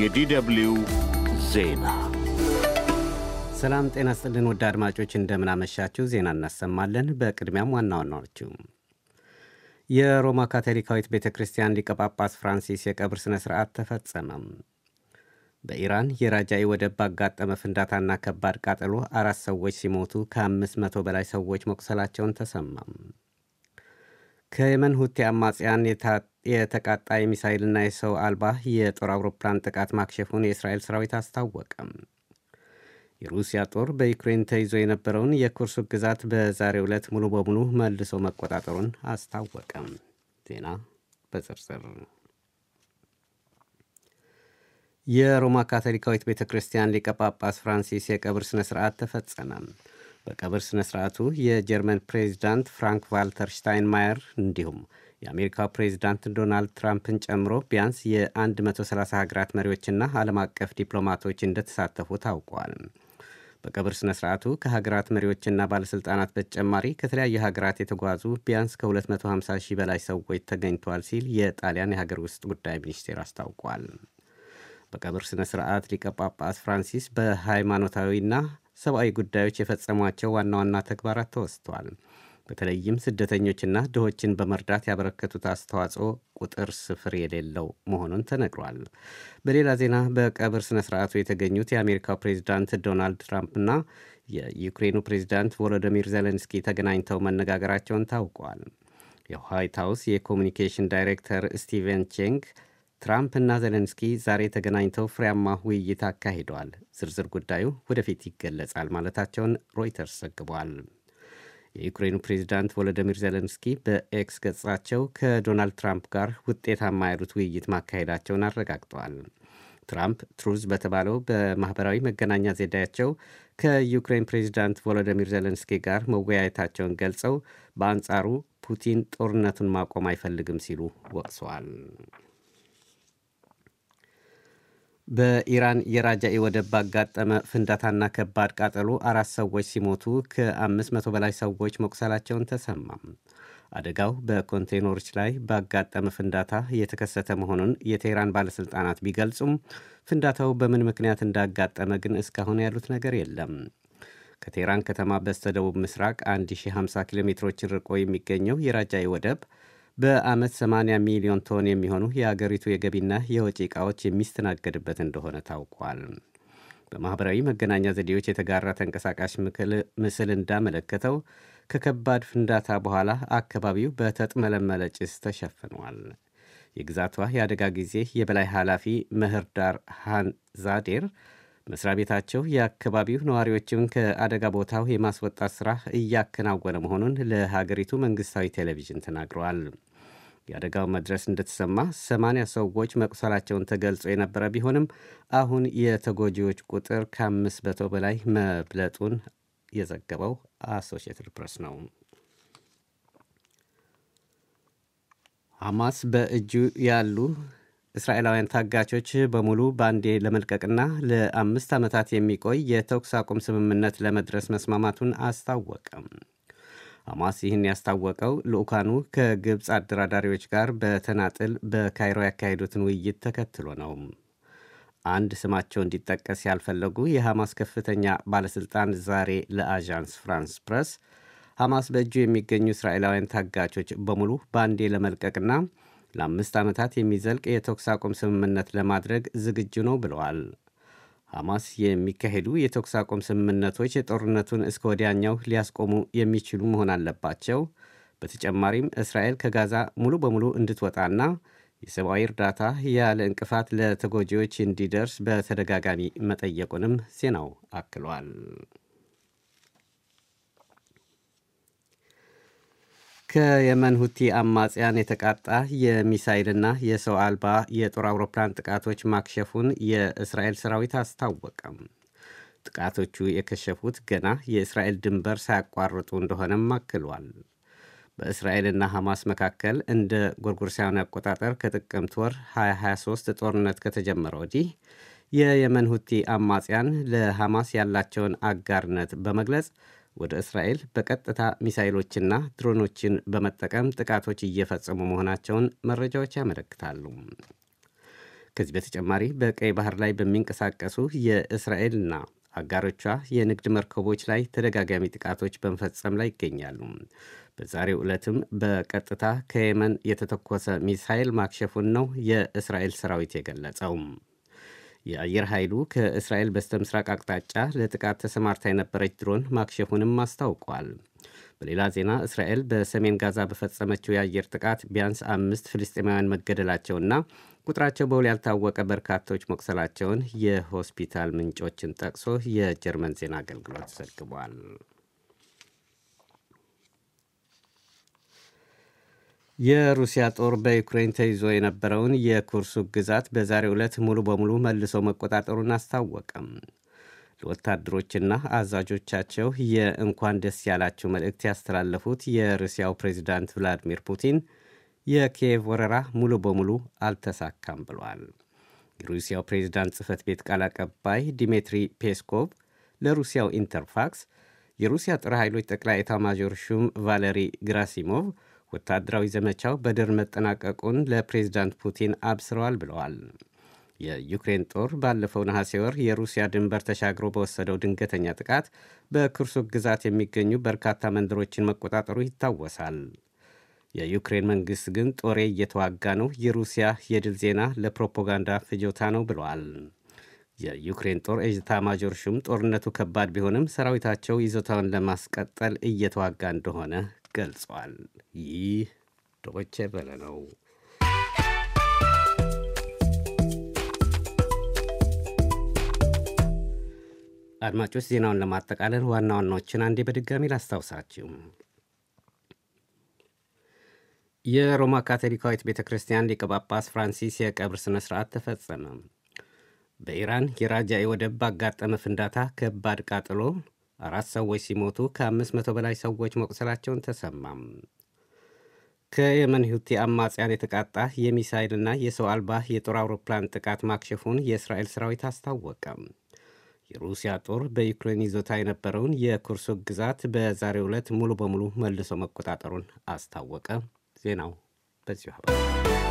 የዲደብልዩ ዜና ሰላም ጤና ስጥልን። ወደ አድማጮች እንደምናመሻችሁ፣ ዜና እናሰማለን። በቅድሚያም ዋና ዋናዎቹ የሮማ ካቶሊካዊት ቤተ ክርስቲያን ሊቀ ጳጳስ ፍራንሲስ የቀብር ሥነ ሥርዓት ተፈጸመም። በኢራን የራጃኢ ወደብ ባጋጠመ ፍንዳታና ከባድ ቃጠሎ አራት ሰዎች ሲሞቱ ከአምስት መቶ በላይ ሰዎች መቁሰላቸውን ተሰማም። ከየመን ሁቲ አማጽያን የተቃጣይ ሚሳይልና የሰው አልባ የጦር አውሮፕላን ጥቃት ማክሸፉን የእስራኤል ሰራዊት አስታወቀም። የሩሲያ ጦር በዩክሬን ተይዞ የነበረውን የኩርሱ ግዛት በዛሬ ዕለት ሙሉ በሙሉ መልሶ መቆጣጠሩን አስታወቀም። ዜና በዝርዝር የሮማ ካቶሊካዊት ቤተ ክርስቲያን ሊቀ ጳጳስ ፍራንሲስ የቀብር ስነ ስርዓት ተፈጸመ። በቀብር ስነ ስርዓቱ የጀርመን ፕሬዚዳንት ፍራንክ ቫልተር ሽታይንማየር እንዲሁም የአሜሪካው ፕሬዚዳንት ዶናልድ ትራምፕን ጨምሮ ቢያንስ የ130 ሀገራት መሪዎችና ዓለም አቀፍ ዲፕሎማቶች እንደተሳተፉ ታውቋል። በቀብር ስነ ስርዓቱ ከሀገራት መሪዎችና ባለሥልጣናት በተጨማሪ ከተለያዩ ሀገራት የተጓዙ ቢያንስ ከ250 ሺህ በላይ ሰዎች ተገኝተዋል ሲል የጣሊያን የሀገር ውስጥ ጉዳይ ሚኒስቴር አስታውቋል። በቀብር ስነ ስርዓት ሊቀ ጳጳስ ፍራንሲስ በሃይማኖታዊና ሰብአዊ ጉዳዮች የፈጸሟቸው ዋና ዋና ተግባራት ተወስቷል። በተለይም ስደተኞችና ድሆችን በመርዳት ያበረከቱት አስተዋጽኦ ቁጥር ስፍር የሌለው መሆኑን ተነግሯል። በሌላ ዜና በቀብር ስነ ስርዓቱ የተገኙት የአሜሪካው ፕሬዚዳንት ዶናልድ ትራምፕና የዩክሬኑ ፕሬዚዳንት ቮሎዶሚር ዜሌንስኪ ተገናኝተው መነጋገራቸውን ታውቋል። የዋይት ሀውስ የኮሚኒኬሽን ዳይሬክተር ስቲቨን ቼንግ ትራምፕ እና ዘለንስኪ ዛሬ ተገናኝተው ፍሬያማ ውይይት አካሂደዋል። ዝርዝር ጉዳዩ ወደፊት ይገለጻል ማለታቸውን ሮይተርስ ዘግቧል። የዩክሬኑ ፕሬዚዳንት ቮሎዲሚር ዘለንስኪ በኤክስ ገጻቸው ከዶናልድ ትራምፕ ጋር ውጤታማ ያሉት ውይይት ማካሄዳቸውን አረጋግጠዋል። ትራምፕ ትሩዝ በተባለው በማኅበራዊ መገናኛ ዘዴያቸው ከዩክሬን ፕሬዚዳንት ቮሎዲሚር ዘለንስኪ ጋር መወያየታቸውን ገልጸው በአንጻሩ ፑቲን ጦርነቱን ማቆም አይፈልግም ሲሉ ወቅሰዋል። በኢራን የራጃኢ ወደብ ባጋጠመ ፍንዳታና ከባድ ቃጠሎ አራት ሰዎች ሲሞቱ ከ500 በላይ ሰዎች መቁሰላቸውን ተሰማ። አደጋው በኮንቴይነሮች ላይ ባጋጠመ ፍንዳታ የተከሰተ መሆኑን የቴህራን ባለሥልጣናት ቢገልጹም ፍንዳታው በምን ምክንያት እንዳጋጠመ ግን እስካሁን ያሉት ነገር የለም። ከቴህራን ከተማ በስተደቡብ ምስራቅ 1050 ኪሎ ሜትሮችን ርቆ የሚገኘው የራጃኢ ወደብ በዓመት 80 ሚሊዮን ቶን የሚሆኑ የአገሪቱ የገቢና የወጪ ዕቃዎች የሚስተናገድበት እንደሆነ ታውቋል። በማኅበራዊ መገናኛ ዘዴዎች የተጋራ ተንቀሳቃሽ ምስል እንዳመለከተው ከከባድ ፍንዳታ በኋላ አካባቢው በተጥመለመለ ጭስ ተሸፍኗል። የግዛቷ የአደጋ ጊዜ የበላይ ኃላፊ ምህርዳር ሃንዛዴር መስሪያ ቤታቸው የአካባቢው ነዋሪዎችን ከአደጋ ቦታው የማስወጣት ስራ እያከናወነ መሆኑን ለሀገሪቱ መንግስታዊ ቴሌቪዥን ተናግረዋል። የአደጋው መድረስ እንደተሰማ 80 ሰዎች መቁሰላቸውን ተገልጾ የነበረ ቢሆንም አሁን የተጎጂዎች ቁጥር ከአምስት መቶ በላይ መብለጡን የዘገበው አሶሽትድ ፕሬስ ነው። ሐማስ በእጁ ያሉ እስራኤላውያን ታጋቾች በሙሉ በአንዴ ለመልቀቅና ለአምስት ዓመታት የሚቆይ የተኩስ አቁም ስምምነት ለመድረስ መስማማቱን አስታወቀም። ሐማስ ይህን ያስታወቀው ልዑካኑ ከግብፅ አደራዳሪዎች ጋር በተናጥል በካይሮ ያካሄዱትን ውይይት ተከትሎ ነው። አንድ ስማቸው እንዲጠቀስ ያልፈለጉ የሐማስ ከፍተኛ ባለሥልጣን ዛሬ ለአዣንስ ፍራንስ ፕረስ ሐማስ በእጁ የሚገኙ እስራኤላውያን ታጋቾች በሙሉ በአንዴ ለመልቀቅና ለአምስት ዓመታት የሚዘልቅ የተኩስ አቁም ስምምነት ለማድረግ ዝግጁ ነው ብለዋል። ሐማስ የሚካሄዱ የተኩስ አቁም ስምምነቶች የጦርነቱን እስከ ወዲያኛው ሊያስቆሙ የሚችሉ መሆን አለባቸው። በተጨማሪም እስራኤል ከጋዛ ሙሉ በሙሉ እንድትወጣና የሰብአዊ እርዳታ ያለ እንቅፋት ለተጎጂዎች እንዲደርስ በተደጋጋሚ መጠየቁንም ዜናው አክሏል። ከየመን ሁቲ አማጽያን የተቃጣ የሚሳይልና የሰው አልባ የጦር አውሮፕላን ጥቃቶች ማክሸፉን የእስራኤል ሰራዊት አስታወቀም። ጥቃቶቹ የከሸፉት ገና የእስራኤል ድንበር ሳያቋርጡ እንደሆነም አክሏል። በእስራኤልና ሐማስ መካከል እንደ ጎርጎሮሳውያን አቆጣጠር ከጥቅምት ወር 2023 ጦርነት ከተጀመረ ወዲህ የየመን ሁቲ አማጽያን ለሐማስ ያላቸውን አጋርነት በመግለጽ ወደ እስራኤል በቀጥታ ሚሳይሎችና ድሮኖችን በመጠቀም ጥቃቶች እየፈጸሙ መሆናቸውን መረጃዎች ያመለክታሉ። ከዚህ በተጨማሪ በቀይ ባህር ላይ በሚንቀሳቀሱ የእስራኤልና አጋሮቿ የንግድ መርከቦች ላይ ተደጋጋሚ ጥቃቶች በመፈጸም ላይ ይገኛሉ። በዛሬው ዕለትም በቀጥታ ከየመን የተተኮሰ ሚሳይል ማክሸፉን ነው የእስራኤል ሰራዊት የገለጸው። የአየር ኃይሉ ከእስራኤል በስተምስራቅ አቅጣጫ ለጥቃት ተሰማርታ የነበረች ድሮን ማክሸፉንም አስታውቋል። በሌላ ዜና እስራኤል በሰሜን ጋዛ በፈጸመችው የአየር ጥቃት ቢያንስ አምስት ፍልስጤማውያን መገደላቸውና ቁጥራቸው በውል ያልታወቀ በርካቶች መቁሰላቸውን የሆስፒታል ምንጮችን ጠቅሶ የጀርመን ዜና አገልግሎት ዘግቧል። የሩሲያ ጦር በዩክሬን ተይዞ የነበረውን የኩርሱ ግዛት በዛሬ ዕለት ሙሉ በሙሉ መልሶ መቆጣጠሩን አስታወቀም። ለወታደሮችና አዛዦቻቸው የእንኳን ደስ ያላቸው መልእክት ያስተላለፉት የሩሲያው ፕሬዚዳንት ቭላዲሚር ፑቲን የኪየቭ ወረራ ሙሉ በሙሉ አልተሳካም ብሏል። የሩሲያው ፕሬዚዳንት ጽህፈት ቤት ቃል አቀባይ ዲሜትሪ ፔስኮቭ ለሩሲያው ኢንተርፋክስ የሩሲያ ጦር ኃይሎች ጠቅላይ ኤታማዦር ሹም ቫለሪ ግራሲሞቭ ወታደራዊ ዘመቻው በድር መጠናቀቁን ለፕሬዚዳንት ፑቲን አብስረዋል ብለዋል። የዩክሬን ጦር ባለፈው ነሐሴ ወር የሩሲያ ድንበር ተሻግሮ በወሰደው ድንገተኛ ጥቃት በክርሱክ ግዛት የሚገኙ በርካታ መንደሮችን መቆጣጠሩ ይታወሳል። የዩክሬን መንግሥት ግን ጦሬ እየተዋጋ ነው፣ የሩሲያ የድል ዜና ለፕሮፓጋንዳ ፍጆታ ነው ብለዋል። የዩክሬን ጦር ኤጅታ ማጆር ሹም ጦርነቱ ከባድ ቢሆንም ሰራዊታቸው ይዞታውን ለማስቀጠል እየተዋጋ እንደሆነ ገልጿል። ይህ ዶቼ ቬለ ነው። አድማጮች ዜናውን ለማጠቃለል ዋና ዋናዎችን አንዴ በድጋሚ ላስታውሳችሁ። የሮማ ካቶሊካዊት ቤተ ክርስቲያን ሊቀ ጳጳስ ፍራንሲስ የቀብር ሥነ ሥርዓት ተፈጸመ። በኢራን የራጃኢ ወደብ ባጋጠመ ፍንዳታ ከባድ ቃጥሎ አራት ሰዎች ሲሞቱ ከአምስት መቶ በላይ ሰዎች መቁሰላቸውን ተሰማም። ከየመን ሁቲ አማጽያን የተቃጣ የሚሳይልና የሰው አልባ የጦር አውሮፕላን ጥቃት ማክሸፉን የእስራኤል ሰራዊት አስታወቀ። የሩሲያ ጦር በዩክሬን ይዞታ የነበረውን የኩርሱ ግዛት በዛሬው ዕለት ሙሉ በሙሉ መልሶ መቆጣጠሩን አስታወቀ። ዜናው በዚሁ አበቃ።